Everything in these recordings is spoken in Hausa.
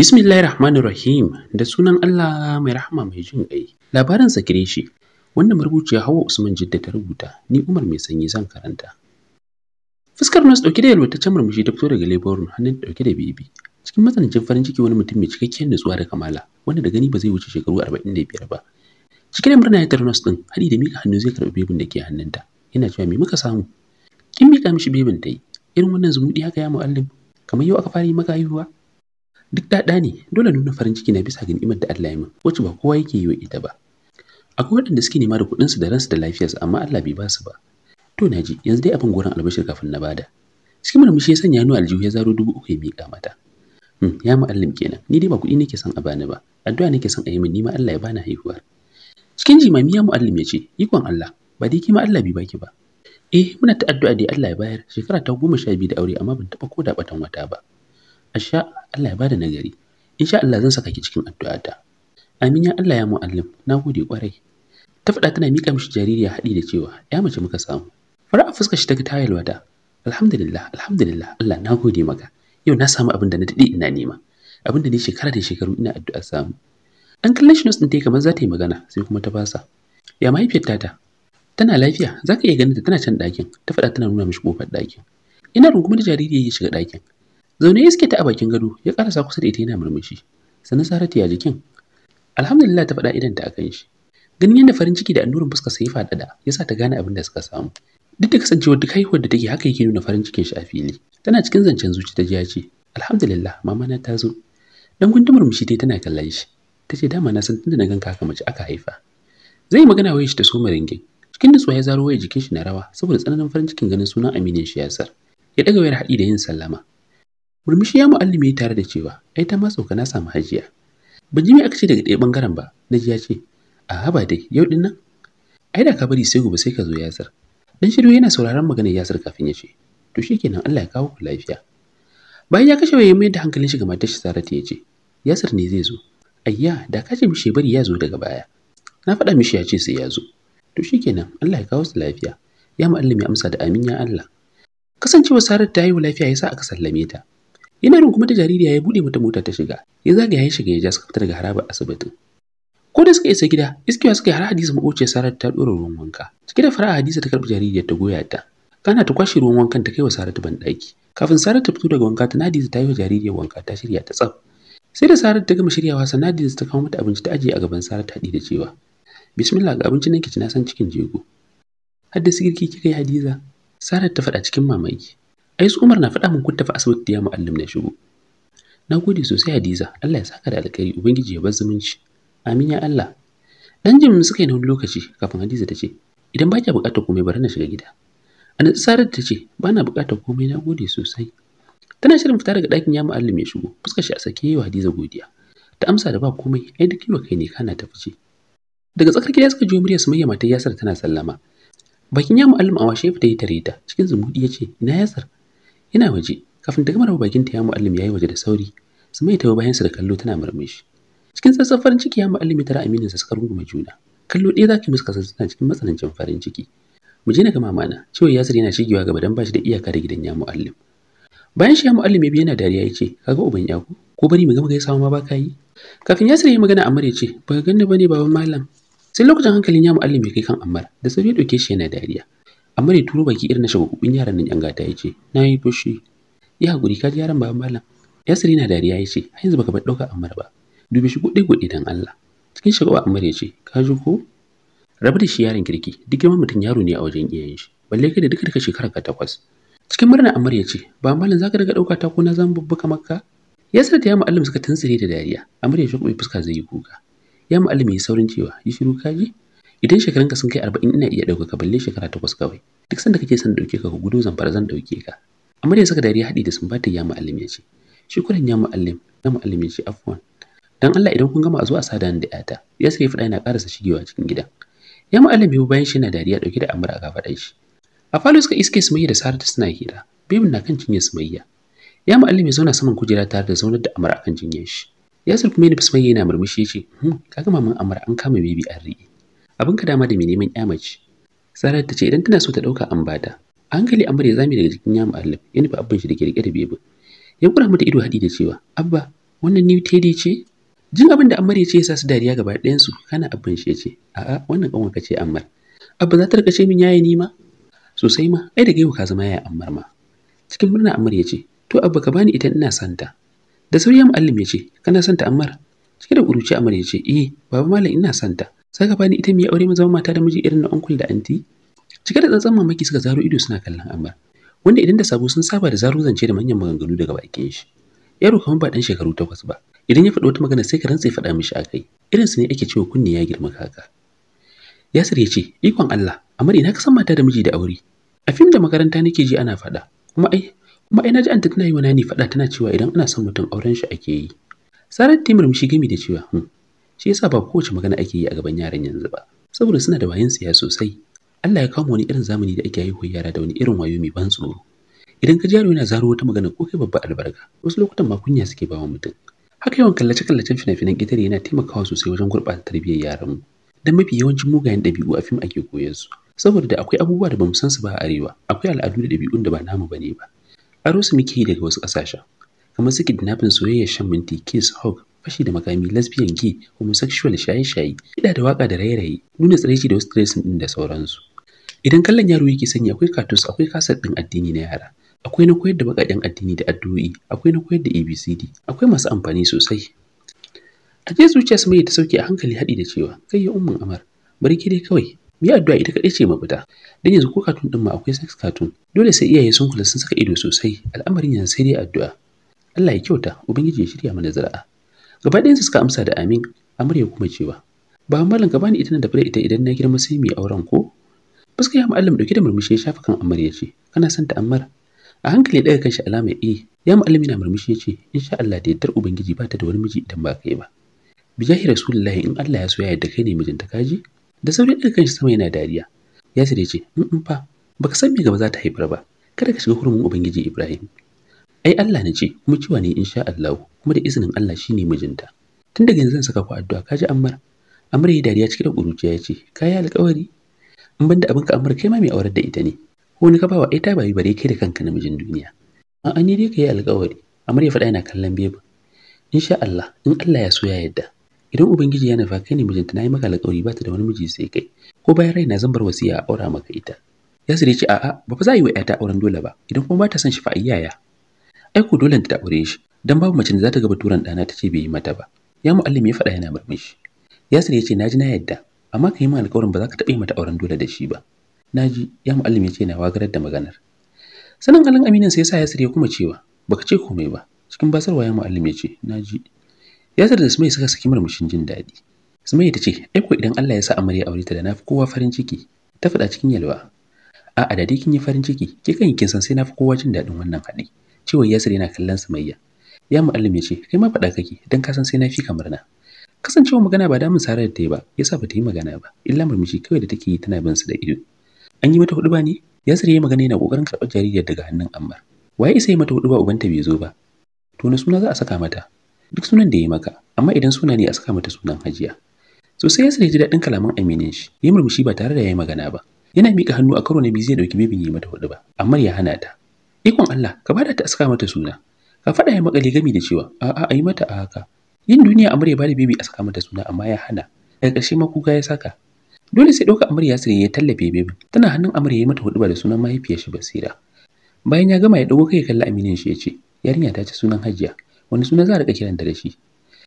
Bismillahir Rahmanir Rahim da sunan Allah mai rahama mai jin ƙai. Labarin sakire shi wannan marubuciya Hawwa Usman Jidda ta rubuta ni Umar mai sanyi zan karanta. Fuskar Nas dauke da yalwataccen murmushi ta fito daga leburun hannun dauke da bibi. Cikin matsanancin farin ciki wani mutum mai cikakkiyar nutsuwa da kamala wanda da gani ba zai wuce shekaru 45 ba. Cikin murna ya tarar Nas din hadi da mika hannu zai karɓi bibin da ke hannunta. Yana cewa me muka samu? Kin mika mishi bibin ta yi. Irin wannan zumudi haka ya mu'allim kamar yau aka fara yi maka haihuwa? duk daɗa ne dole nuna farin ciki na bisa ga ni'imar da Allah ya min wacce ba kowa yake yi wa ita ba akwai waɗanda suke nema da kuɗinsu da ransu da lafiyarsu amma Allah bai ba su ba to naji yanzu dai abin goron albashir kafin na bada cikin murmushi ya sanya hannu aljihu ya zaro dubu uku ya miƙa mata hmm, ya mu'allim kenan ni dai ba kuɗi nake son a bani ba addu'a nake son a yi min ni ma Allah ya bani haihuwar cikin jimami ya mu'allim ya ce ikon Allah ba dai kima Allah bai baki ba eh muna ta addu'a dai Allah ya bayar shekara ta goma sha biyu da aure amma ban taɓa ko da batan wata ba asha Allah ya bada nagari insha Allah zan saka ki cikin addu'ata amin ya Allah ya muallim gode kwarai ta faɗa tana mika mishi jaririya haɗi da cewa ya mace muka samu fara a fuskar shi ta ga tayar wada alhamdulillah alhamdulillah Allah nagode maka yau na samu abin da na dade ina nema abin da ni shekara da shekaru ina addu'a samu an kalle shi nusin tai kamar za ta yi magana sai kuma ta fasa ya mahaifiyar ta? tana lafiya za ka iya ganin ta tana can ɗakin ta faɗa tana nuna mishi kofar ɗakin ina rungume da jariri ya shiga ɗakin zaune iske ta a bakin gado ya karasa kusa da ita yana murmushi sannan saratu ya jikin alhamdulillah ta faɗa idan ta akan shi ganin yadda farin ciki da annurin fuskar sa ya faɗaɗa ya sa ta gane abin da suka samu duk da kasancewar duk haihuwar da take haka yake nuna farin cikin shi a fili tana cikin zancen zuci ta jiya ce alhamdulillah mama na ta zo dan gundu murmushi dai tana kallon shi ta ce dama na san tunda na ganka haka mace aka haifa zai magana waye shi ta soma ringin cikin nutsuwa ya zaro waye jikin shi na rawa saboda tsananin farin cikin ganin sunan aminin shi sar ya daga wayar haɗi da yin sallama murmushi ya mu'allimi tare da cewa ai ta ma sauka na samu hajiya ban ji me aka ce daga ɗaya bangaren ba ji ya ce a ba dai yau din nan ai da ka bari sai gobe sai ka zo yasir dan shiru yana sauraron maganar yasir kafin ya ce to kenan Allah ya kawo ku lafiya bayan ya kashe waye mai da hankalin shi ga matar shi Saratu ya ce yasir ne zai zo ayya da ka ce mishi bari ya zo daga baya na faɗa mishi ya ce sai ya zo to kenan Allah ya kawo su lafiya ya mu'allimi amsa da amin ya Allah kasancewa Saratu ta yi lafiya yasa aka sallame ta yana rin kuma ta jaririya ya buɗe mata mota ta shiga ya zagaya ya shiga ya ja suka fita daga harabar asibitin ko da suka isa gida iskiwa suka yi har Hadiza makoce sarar ta dora ruwan wanka cike da fara'a hadisa ta karɓi jaririyar ta goya ta kana ta kwashe ruwan wankan ta kai wa saratu ban daki. kafin saratu ta fito daga wanka ta nadiza ta yi wa jaririyar wanka ta shirya ta tsaf sai da saratu ta gama shiryawa sannan nadiza ta kawo mata abinci ta ajiye a gaban saratu haɗi da cewa bismillah ga abincin nan ki ci na san cikin jego Hadda da sigirki kika yi hadiza saratu ta faɗa cikin mamaki ai su Umar na faɗa min kun tafi asibiti ya mu'allim na shigo na gode sosai Hadiza Allah ya saka da alkhairi ubangiji ya bar zumunci amin ya Allah dan jim suka yi na lokaci kafin Hadiza ta ce idan ba ki buƙatar komai bari na shiga gida A na tsara ta ce ba na buƙatar komai na gode sosai tana shirin fita daga ɗakin ya mu'allim ya shigo fuskar shi a sake yi wa Hadiza godiya ta amsa da ba komai ai duk kiwa kai ne kana ta fice daga tsakar gida suka jiyo muryar Sumayya matar Yasar tana sallama bakin ya mu'allim a washe fita yi tare ta cikin zumudi ya ce ina Yasar Yana waje, kafin ta gama raba bakinta ya mu'allim ya waje da sauri, su mai bayan su da kallo tana murmushi. Cikin sassan farin ciki ya mu'allimi tara sa suka rungume juna. Kallo ɗaya za muska musu kasance tana cikin matsanancin farin ciki. Mu je na ga mamana, cewa Yasir yana shigewa gaba dan bashi da iyaka da gidan ya mu'allim. Bayan shi ya mu'allim ya bi yana dariya yace ce, kaga uban yaku, ko bari mu gama gaisawa ma ba ka yi. Kafin Yasir ya yi magana Ammar ya ce, ba ga ganni ba ne baban malam. Sai lokacin hankalin ya mu'allim ya kai kan Ammar, da sai ya dauke shi yana dariya. amma dai turo baki irin na shagwagwabin yaran nan yan gata ya ce na yi fushi ya haƙuri ka ji yaran baban malam yasiri na dariya ya ce har yanzu baka bar dauka amara ba dubi shi gode gode dan Allah cikin shagwaba amar ya ce ka ji ko rabu da shi yaran kirki duk girman mutum yaro ne a wajen iyayen shi balle kai da duka da shekarar ka takwas cikin murna amar ya ce ba malam zaka daga dauka ta ko na zan bubbuka makka yasir da ya mu'allim suka tantsire da dariya amar ya shi mai fuska zai yi kuka ya mu'allim ya saurin cewa yi shiru kaji idan shekarunka sun kai arba'in ina iya ɗauka ka balle shekara takwas kawai duk sanda kake son ɗauke ka ku gudu zan fara zan ɗauke ka amma da saka dariya haɗi da sun bata ya mu'allim ya ce shi ya mu'allim ya mu'allim ya ce afuwan. dan Allah idan kun gama a zo a sada da yata ya sai faɗa yana ƙarasa shigewa cikin gidan ya mu'allim biyu bayan shi na dariya ɗauke da amara a kafaɗar shi a falo suka iske sumayya da saratu suna hira bibin na kan cinye sumayya ya mu'allim ya zauna saman kujera tare da zaunar da amara kan cinye shi yasir kuma yana yana murmushi ya ce hmm, ka gama min amara an kama bibi an riƙe abin ka dama da mai neman ya mace sarar ta ce idan tana so ta dauka an bata hankali amur ya zame daga jikin yamu allaf ya nufi abin shi da ke rike da bebe ya kura mata ido hadi da cewa abba wannan ni tedi ce jin abin da amar ya ce ya sa su dariya gaba su kana abin shi ya ce a'a wannan ƙanwar ka ce ammar abba za ta rika ce min yayi ni ma sosai ma ai da gaiwa ka zama yaya ammar ma cikin murna ammar ya ce to abba ka bani idan ina santa da sauri yamu mu'allim ya ce kana santa ammar cike da ƙuruci Amal ya ce eh baba malam ina son ta sai ka bani ita mai aure mu zama mata da miji irin na uncle da anti cike da tsantsan mamaki suka zaro ido suna kallon Amal wanda idan da sabo sun saba da zaro zance da manyan maganganu daga bakin shi yaro kamar ba dan shekaru takwas ba idan ya faɗi wata magana sai ka rantse faɗa mishi akai irin su ne ake cewa kunni ya girma kaka Yasir ya ce ikon Allah Amar ina ka san mata da miji da aure a fim da makaranta nake ji ana faɗa kuma ai kuma ai naji anta tana yi wa nani faɗa tana cewa idan ana son mutum auren shi ake yi Sarar ta murmushi gami da cewa, "Hm, shi yasa ba kowace magana ake yi a gaban yaran yanzu ba, saboda suna da wayan siya sosai. Allah ya kama wani irin zamani da ake haihuwar yara da wani irin wayo mai ban tsoro. Idan ka jaro yana zaro wata magana ko kai babba albarka, wasu lokutan ma kunya suke bawa mutum. Haka yawan kallace-kallacen fina-finan ƙetare yana taimakawa sosai wajen gurɓata tarbiyyar yaranmu. Dan mafi yawancin mugayen ɗabi'u a fim ake koyar su, saboda da akwai abubuwa da bamu san su ba a arewa, akwai al'adu da ɗabi'un da ba namu bane ba. Aro su muke yi daga wasu ƙasashen. kamar su kidnapping soyayya shan minti kiss hug, fashi da makami lesbian gay homosexual shaye-shaye kiɗa da waka da raye-raye nuna tsiraici da wasu dressing din da sauransu idan kallon yaro yake sanya akwai cartoons akwai kasar ɗin addini na yara akwai na koyar da bakaken addini da addu'o'i akwai na koyar da abcd akwai masu amfani sosai a ce zuciya su mai ta sauke a hankali haɗi da cewa kai ya umman amar bari ki dai kawai mu addu'a ita kaɗai ce mafita dan yanzu ko katun din ma akwai sex cartoon dole sai iyaye sun kula sun saka ido sosai al'amarin yanzu sai dai addu'a Allah ya kyauta ubangiji ya shirya mana zira'a gaba ɗayansu suka amsa da amin amarya kuma cewa ba mallan ka bani ita nan da fure ita idan na girma sai mu yi auren ko fuska ya mu'allim dauke da murmushi ya shafa kan amarya ce kana son ta a hankali daga kanshi alama e ya mu'allim yana murmushi ya ce insha Allah da yardar ubangiji ba ta da wani miji idan ba kai ba bijahi rasulullahi in Allah ya so ya yarda kai ne mijinta kaji da sauri daga kanshi sama yana dariya ya ce in fa baka san me gaba za ta haifar ba kada ka shiga hurumin ubangiji Ibrahim ai Allah ne ce kuma ciwa ne sha Allah kuma da izinin Allah shi ne mijinta tun daga yanzu zan saka ku addu'a kaji ammar ammar ya dariya cike da kuruciya ya ce kai alƙawari in banda ka ammar kai ma mai aurar da ita ne ko ni ka bawa ai ta bayi bare kai da kanka namijin duniya an ni dai kai alƙawari ammar ya faɗa yana kallon beba sha Allah in Allah ya so ya yarda idan ubangiji ya nufa kai ne mijinta na yi maka alƙawari ba ta da wani miji sai kai ko bayan raina zan bar wasiya a aura maka ita yasir ya ce a'a ba fa za a yi wa 'yata auren dole ba idan kuma ba ta son shi fa yaya ai ku dole ta aure shi dan babu mace da za ta ga baturan dana ta bai yi mata ba ya muallim ya faɗa yana murmushi yasir yace ce naji na yadda amma ka yi min alƙawarin ba za ka taɓa yi mata auren dole da shi ba naji ya muallim ya ce na wagarar da maganar sanin halin aminin sai ya sa yasir ya kuma cewa baka ce komai ba cikin basarwa ya muallim ya ce naji yasir da sumai suka saki murmushin jin daɗi sumai ta ce ai ko idan Allah ya sa amarya aure ta da nafi kowa farin ciki ta faɗa cikin yalwa a'a da dai kin yi farin ciki ke kan kin san sai nafi kowa jin daɗin wannan haɗi ciwon Yasir yana kallon Sumayya. Ya mu'allim ya ce, kai ma faɗa kake, don ka san sai na fi kamar murna. Kasancewa magana ba damun Sara da ta yi ba, yasa sa ba ta yi magana ba, illa murmushi kawai da take yi tana bin su da ido. An yi mata hudu ba ne? Yasir ya yi magana yana ƙoƙarin karɓar jaririyar daga hannun Ammar. Waye isa yi mata hudu ba ubanta bai zo ba? To na suna za a saka mata. Duk sunan da ya yi maka, amma idan suna ne a saka mata sunan hajiya. So sai Yasir ya ji daɗin kalaman aminin shi, ya murmushi ba tare da ya yi magana ba. Yana miƙa hannu a karo na biyu zai ɗauki bibin yi mata hudu ba, Ammar ya hana ta. ikon Allah ka bada ta aska mata suna ka faɗa ya makali gami da cewa a'a a yi mata a haka yin duniya amarya bada bebi aska mata suna amma ya hana daga ƙarshe ma kuka ya saka dole sai ɗauka amarya ya ya tallafe bebi tana hannun amarya ya mata huɗuba da sunan mahaifiyar shi basira bayan ya gama ya ɗago kai kalla aminin shi ya ce yarinya ta ci sunan hajiya wani suna za a riƙa kiranta da shi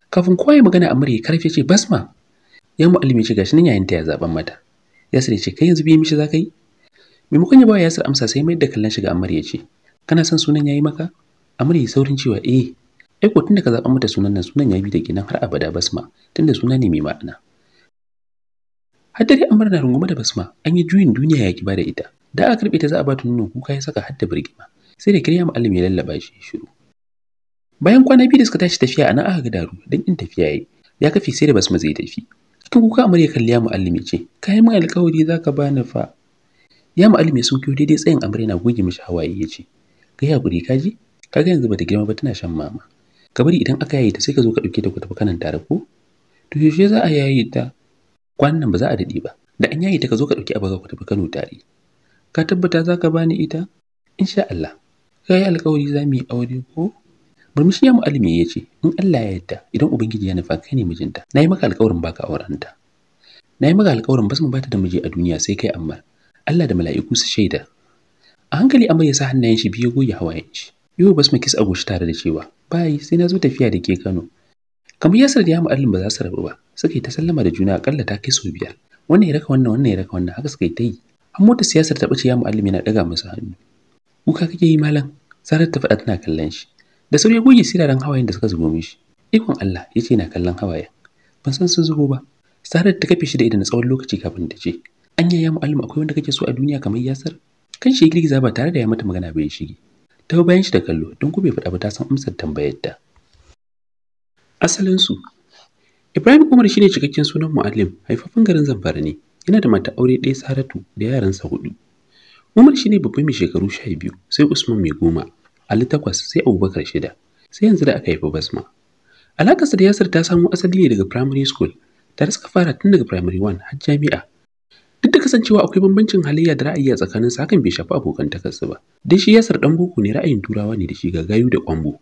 kafin kowa ya magana amarya karfe ce basma ya mu'allimi ce gashi nan yayin ta ya zaben mata yasir ya ce kai yanzu bi mishi za ka yi maimakon ya ba yasir amsa sai mai da kallon shiga amarya ce kana son sunan yayi maka amma yi saurin cewa eh ai ko tunda ka zaba mata sunan nan sunan ya bi da kenan har abada basma tunda suna ne mai ma'ana har dare amir na rungume da basma an yi juyin duniya ya ki bada ita da aka karbe ta za a ba ta nonon kuka ya saka har da birgima sai da kirya ma'alim ya lallaba shi shiru bayan kwana biyu da suka tashi tafiya a aka ga daru dan in tafiya yayi ya kafi sai da basma zai tafi cikin kuka amarya ya kalli mu'allimi ce kai min alƙawari zaka bani fa ya mu'allimi sun kiyo daidai tsayin amarya na goge mishi hawaye ya ce kai hakuri ka ji ga yanzu bata girma ba tana shan mama ka bari idan aka yaye ta sai ka zo ka dauke ta ku tafi kanan tare ko to yaushe za a yaye ta kwanan nan ba za a dade ba da an yaye ta ka zo ka dauki abaga ku tafi Kano tare ka tabbata za ka bani ita insha Allah ka yi alkawari za mu yi aure ko murmushi ya mu'alimi ya ce in Allah ya yarda idan ubangiji ya nufa kai ne mijinta na yi maka alkawarin baka aurenta na yi maka alƙawarin basu mu bata da miji a duniya sai kai amma Allah da mala'iku su shaida a hankali amar ya sa hannayen shi biyu goge hawayen shi yau bas makis a goshi tare da cewa bayi sai na zo tafiya da ke kano kamar yasar da ya mu'allim ba za su rabu ba suka yi ta sallama da juna akalla ta kai sau biyar wannan ya raka wannan wannan ya raka wannan haka suka yi ta yi an mota siyasar ta bace ya mu'allim yana daga masa hannu kuka kake yi malam sarar ta faɗa tana kallon shi da sauri ya goge siraran hawayen da suka zubo mishi ikon Allah ya ce na kallon hawayen ban san sun zubo ba sarar ta kafe shi da idan tsawon lokaci kafin ta ce anya ya mu'allim akwai wanda kake so a duniya kamar yasar kan shi girgiza ba tare da ya mata magana bai shige ta bayan shi da kallo don ko bai faɗa ba ta san amsar tambayar ta asalin su Ibrahim Umar shine cikakken sunan Muallim haifafin garin Zamfara ne yana da mata aure ɗaya Saratu da yaransa hudu Umar shine babban mai shekaru biyu, sai Usman mai goma Ali takwas sai Abubakar shida sai yanzu da aka haifi Basma Alakarsa da Yasir ta samo asali ne daga primary school tare suka fara tun daga primary 1 har jami'a duk da kasancewa akwai bambancin halayya da ra'ayi a tsakanin su hakan bai shafi abokan takarsu ba dan shi yasar dan boko ne ra'ayin turawa ne da shi gagayu da kwambo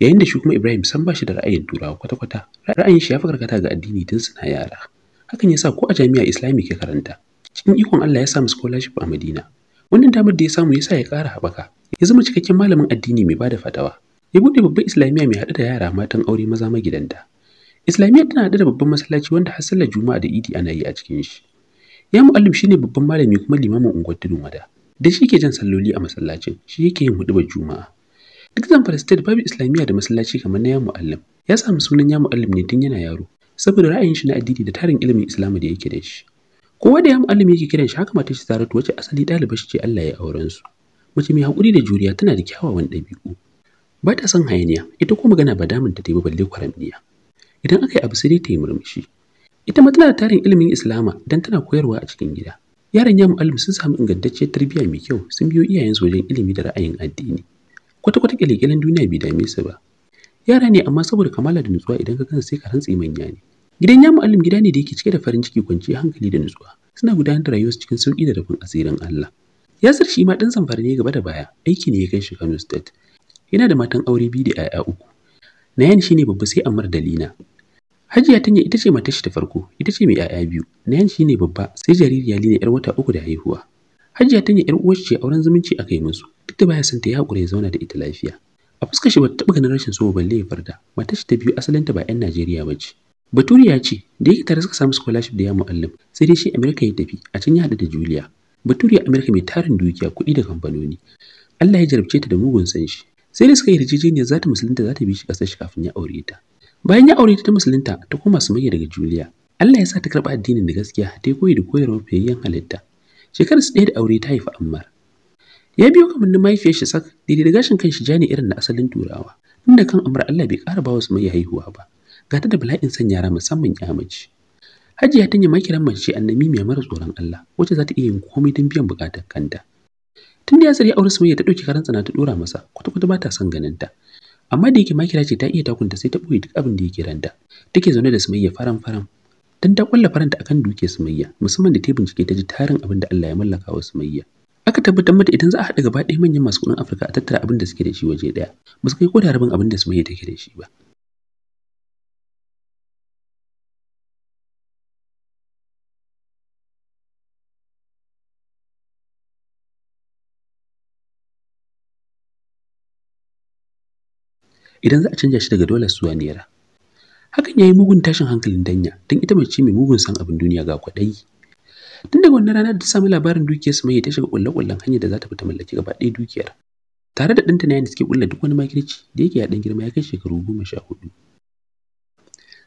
yayin da shi kuma ibrahim san ba shi da ra'ayin turawa kwata-kwata ra'ayin shi ya fi karkata ga addini tun suna yara hakan yasa ko a jami'a islami ke karanta cikin ikon allah ya samu scholarship a madina wannan damar da ya samu ya sa ya kara haɓaka ya zama cikakken malamin addini mai bada fatawa ya buɗe babban islamiyya mai haɗu da yara matan aure maza magidanta islamiyya tana haɗu da babban masallaci wanda har juma'a da idi ana yi a cikin shi ya mu'allim shine babban malami kuma limamin unguwar wada da shi ke jan salloli a masallacin shi yake yin hudubar juma'a duk zamfara state babu islamiyya da masallaci kamar na ya mu'allim ya samu sunan ya mu'allim ne tun yana yaro saboda ra'ayin shi na addini da tarin ilimin islamu da yake da shi kowa da ya mu'allim yake kiran shi haka mata shi zaratu wacce asali ɗaliba shi ce Allah ya auren su mace mai haƙuri da juriya tana da kyawawan ɗabi'u ba ta son hayaniya ita ko magana ba damun ta ba balle kwaramniya idan aka yi abu sai dai ta yi murmushi ita ma tana da tarin ilimin islama don tana koyarwa a cikin gida yaran ya mu'allim sun samu ingantacciyar tarbiyya mai kyau sun biyo iyayensu wajen ilimi da ra'ayin addini kwata-kwata kilikilan duniya bai dame su ba yara ne amma saboda kamala da nutsuwa idan ka gansu sai ka rantsi manya ne gidan ya mu'allim gida ne da yake cike da farin ciki kwanciyar hankali da nutsuwa suna gudanar da rayuwarsu cikin sauƙi da rufin asirin Allah Yasir shi ma ɗan zamfara ne gaba da baya aiki ne ya kai shi Kano State yana da matan aure biyu da 'ya'ya uku Nayan shine babba sai Ammar Dalina Hajiya Tanya ita ce matashi ta farko, ita ce mai 'ya'ya biyu. yan shi ne babba, sai jaririya Lina 'yar wata uku da haihuwa. Hajiya Tanya 'yar uwar ce auren zumunci aka yi musu, duk da baya son ta ya haƙura ya zauna da ita lafiya. A fuskar shi bata taɓa ganin rashin so balle ya farda. ta biyu asalinta ba 'yan Najeriya ba ce. Baturiya ce, da yake tare suka samu scholarship da ya mu'allim, sai dai shi Amerika ya tafi, a can ya haɗu da Julia. Baturiya Amerika mai tarin dukiya kuɗi da kamfanoni. Allah ya jarabce ta da mugun san shi. Sai da suka yi yarjejeniyar za ta musulunta za ta bi shi ƙasar shi kafin ya aure ta. bayan ya aure ta musulunta ta koma sumayya daga juliya Allah ya sa ta karɓa addinin da gaskiya ta yi koyi da koyarwar fiyayyen halitta shekarar su ɗaya da aure ta haifi ammar ya biyo kamannin mahaifiyar shi sak daidai da gashin kan shi jani irin na asalin turawa inda kan Ammar Allah bai ƙara ba wa mai haihuwa ba ga ta da bala'in san yara musamman ya mace Hajiya ta yi makiran mace annabi mai mara tsoron Allah wacce za ta iya yin komai don biyan bukatar kanta. Tun da ya tsari aure soyayya ta ɗauki karan tsana ta ɗora masa kwata-kwata ba ta son ganin ta amma da yake makira ce ta iya takunta sai ta ɓoye duk abin da yake ranta take zaune da sumayya faran faran dan ta kulla faranta akan duke sumayya musamman da ta bincike ta ji tarin abin da Allah ya mallaka wa sumayya aka tabbatar mata idan za a haɗa gaba ɗaya manyan masu kuɗin Afirka a tattara abin da suke da shi waje ɗaya ba su kai ko da rabin abin da sumayya take da shi ba idan za a canja shi daga dole zuwa naira hakan ya yi mugun tashin hankalin danya don ita mace mai mugun san abin duniya ga kwaɗayi tun daga wannan ranar da ta samu labarin dukiyar su mai ta shiga kulle hanyar da za ta fita mallaki gaba ɗaya dukiyar tare da ɗanta na da suke kulle duk wani makirci da yake yaɗan girma ya kai shekaru goma sha hudu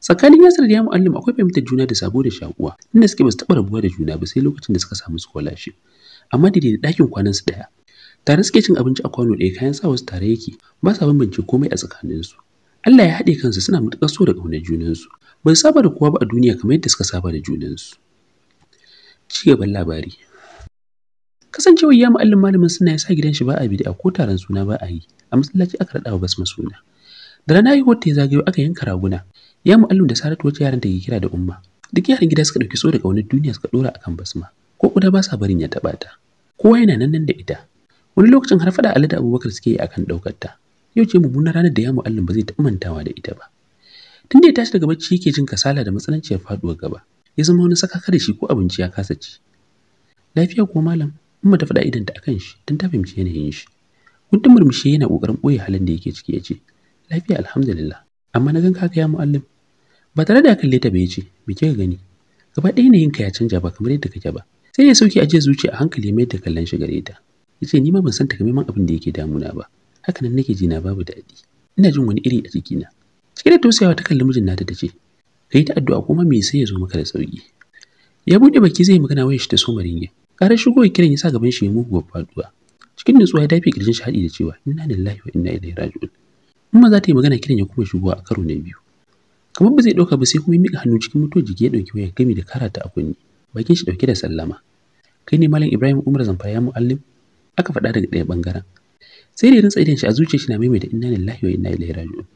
tsakanin yasar da ya mu'allim akwai fahimtar juna da sabo da shakuwa inda suke basu taɓa rabuwa da juna ba sai lokacin da suka samu scholarship amma da ɗakin kwanan su ɗaya tare suke cin abinci a kwano ɗaya kayan sa wasu tare yake ba sa bambance komai a tsakaninsu Allah ya haɗe kansu suna matuƙar so da ƙaunar junansu ba su saba da kowa ba a duniya kamar yadda suka saba da junansu ci gaban labari kasancewar ya ma'allin malamin suna ya sa gidan shi ba a bidi a ko taron suna ba a yi a masallaci aka raɗa wa basma suna da rana haihuwar ya zagayo aka yanka raguna ya mu'allin da saratu wacce yaran ta ke kira da umma duk yaran gida suka ɗauki so da ƙaunar duniya suka ɗora akan basma ko kuda ba sa barin ya taɓa ta kowa yana nan nan da ita wani lokacin har faɗa alada Abubakar suke yi akan ɗaukar ta yau ce mummunar ranar da ya mu'allim ba zai taɓa mantawa da ita ba tunda ya tashi daga bacci yake jin kasala da matsananciyar faɗuwar gaba ya zama wani saka kada shi ko abinci ya kasa ci lafiya ko malam umma ta faɗa ta akan shi don ta fahimci yanayin shi gudun murmushi yana ƙoƙarin ɓoye halin da yake ciki ya ce lafiya alhamdulillah amma na gan kaka ya mu'allim ba tare da kalle ta bai ce me kika gani gaba ɗaya yanayinka ya canja ba kamar yadda kake ba sai ya sauke aje zuciya a hankali mai da kallon shi gare Yace ce ni ma ban san takamaiman abin da yake damuna ba haka nan nake ji na, babu daɗi ina jin wani iri a na cike da tausayawa ta kalli mijin nata ta ce ta addu'a kuma me sai ya zo maka da sauki ya bude baki zai magana wayar shi ta soma kare ƙarar shigo kiran yasa sa gaban shi ya muguwar faduwa cikin nutsuwa ya dafe kirjin shi hadi da cewa inna lillahi wa inna ilaihi raji'un in za ta yi magana kiran ya kuma shigowa a karo na biyu kamar ba zai ɗauka ba sai kuma ya miƙa hannu cikin mutuwar jiki ya dauki wayar gami da karata a kunni bakin shi dauke da sallama kai ne malam ibrahim umar zamfara mu'allim aka faɗa daga ɗaya ɓangaren sai da ya tsaidan shi a zuciyar shi na maimaita inna lillahi wa inna ilaihi raji'un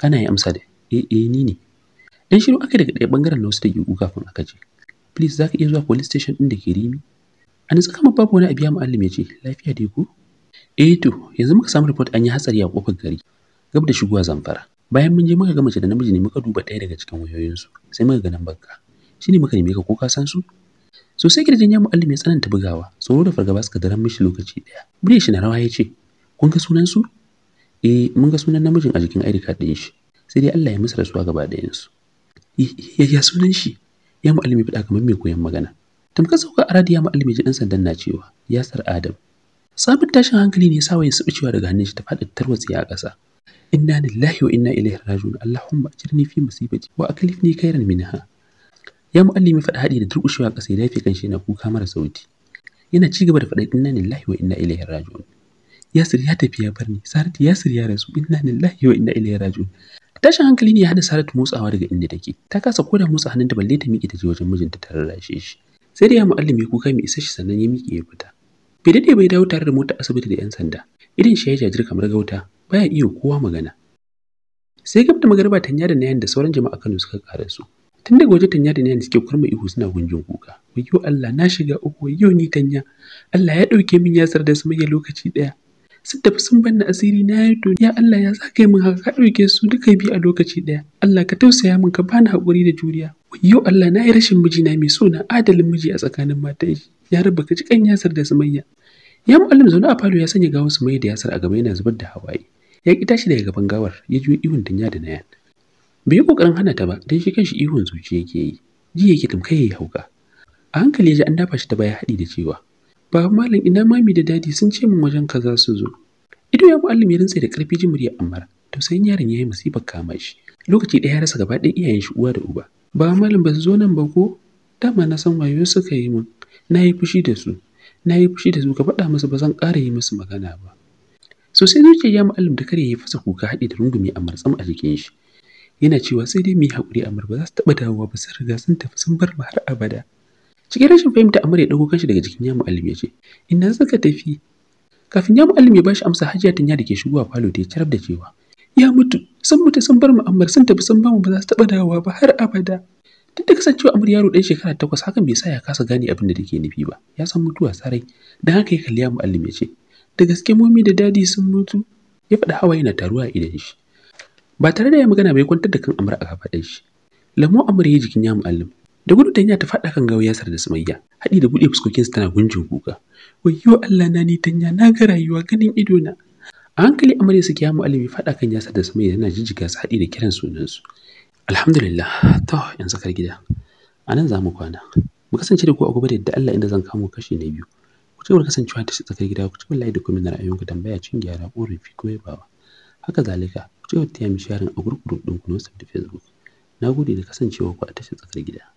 kana yi amsa da eh eh ni ne dan shiru aka daga ɗaya ɓangaren na wasu da gigu kafin aka je please zaka iya zuwa police station ɗin da ke rimi a nan kama babu wani abiya mu'allim ya ce lafiya dai ku? eh to yanzu muka samu report an yi hatsari a kofar gari gab da shigowa zamfara bayan mun je muka ga mace da namiji ne muka duba ɗaya daga cikin wayoyinsu sai muka ga nan shi shine muka nemi ka ko ka san su Sosai kirjin ya mu'allim ya tsananta bugawa, tsoro da fargaba suka daren mishi lokaci ɗaya. bude shi na rawa ya ce, Kun ga sunansu? Eh, mun ga sunan namijin a jikin aidika din ɗin shi. Sai dai Allah ya musu rasuwa gaba su Ya sunan shi? Ya mu'allim ya kamar mai koyon magana. Tamkar sauka a ya mu'allim ya ji ɗan sandan na cewa, Ya Yasar Adam. Sabon tashin hankali ne ya sawayin cewa daga hannun shi ta faɗi tarwatsi a ƙasa. Inna lillahi wa inna ilaihi raji'un. Allahumma ajirni fi musibati wa aklifni khairan minha. ya mu'allimi faɗa haɗi da turkushewa ƙasa ya dafe kan shi na kuka mara sauti yana ci gaba da faɗa inna lillahi wa inna ilaihi raji'un yasir ya tafi ya bar ni saratu yasir ya rasu inna lillahi wa inna ilaihi raji'un tashin hankali ne ya hada saratu motsawa daga inda take ta kasa koda motsa hannun da balle ta miƙe ta je wajen mijinta ta rarrashe shi sai da ya mu'allimi kuka mai isa shi sannan ya miƙe ya fita bai daɗe bai dawo tare da mota asibiti da 'yan sanda irin shi ya jajir kamar gauta baya iya kowa magana sai gab da magarba tanya da nayan da sauran jama'a Kano suka karasu tun daga waje tanya da ne suke kurma ihu suna gunjin kuka wayo Allah na shiga uku wayo ni tanya Allah ya dauke min ya da su mai lokaci daya sun tafi sun banna asiri na ya to ya Allah ya sa kai min haka ka dauke su duka bi a lokaci daya Allah ka tausaya min ka ba ni hakuri da juriya wayo Allah na yi rashin miji na mai so na adalin miji a tsakanin matan shi ya rabba ka ji kan ya yasar su sumayya ya mu'allim zaune a falo ya sanya gawar sumayya da yasar a gaba yana zubar da hawaye ya ki tashi daga gaban gawar ya juyo ihun tanya da nayan bai yi ƙoƙarin hana ta ba don shi kanshi ihun zuciya yake yi ji yake tamkai ya hauka a hankali ya ji an dafa shi ta baya haɗi da cewa ba malam ina mami da dadi sun ce min wajen kaza su zo ido ya mu'allim ya rintse da karfi ji murya to tausayin yaron ya yi musibar kama shi lokaci ɗaya ya rasa gaba ɗaya iyayen shi uwa da uba ba malam ba su zo nan ba ko dama na san wayo suka yi min na yi fushi da su na yi fushi da su ka faɗa musu ba zan ƙara yi musu magana ba sosai zuciya ya mu'allim da kare ya fasa kuka haɗi da rungumi a martsam a jikin shi yana cewa sai dai mu yi haƙuri amur ba za su taɓa dawowa ba su riga sun tafi sun bar mu har abada cikin rashin fahimta amur ya ɗauko kanshi daga jikin yamu alim ya ce ina ka tafi kafin yamu alim ya bashi amsa hajiya tanya da ke shigowa falo ta carab da cewa ya mutu sun mutu sun bar mu amur sun tafi sun bamu ba za su taɓa dawowa ba har abada duk da kasancewa amur yaro ɗan shekara takwas hakan bai sa ya kasa gane abin da take nufi ba ya san mutuwa sarai don haka ya kalli yamu alim ya ce da gaske momi da dadi sun mutu ya faɗi hawa yana taruwa a idan shi ba tare da ya magana bai kwantar da kan amur a gaba shi lamu amur ya jikin ya mu'allim da gudu tanya ta faɗa kan sar da sumayya haɗi da buɗe fuskokinsu tana gunjin kuka wayyo Allah na ni tanya na ga rayuwa ganin ido na a hankali amarya suke ya mu'allim ya faɗa kan yasar da sumayya tana jijjiga su haɗi da kiran sunansu alhamdulillah to yanzu kar gida a nan za mu kwana mu kasance da ku a gobe da Allah inda zan kamo kashi na biyu Ku gaba kasancewa ta tsakar gida ku ci wallahi da kuma na ra'ayoyinku tambaya cin gyara rufi ko yabawa haka zalika yau ta taya mu a group group ɗin ku na da Facebook. Na gode da kasancewa ku a tashar tsakar gida.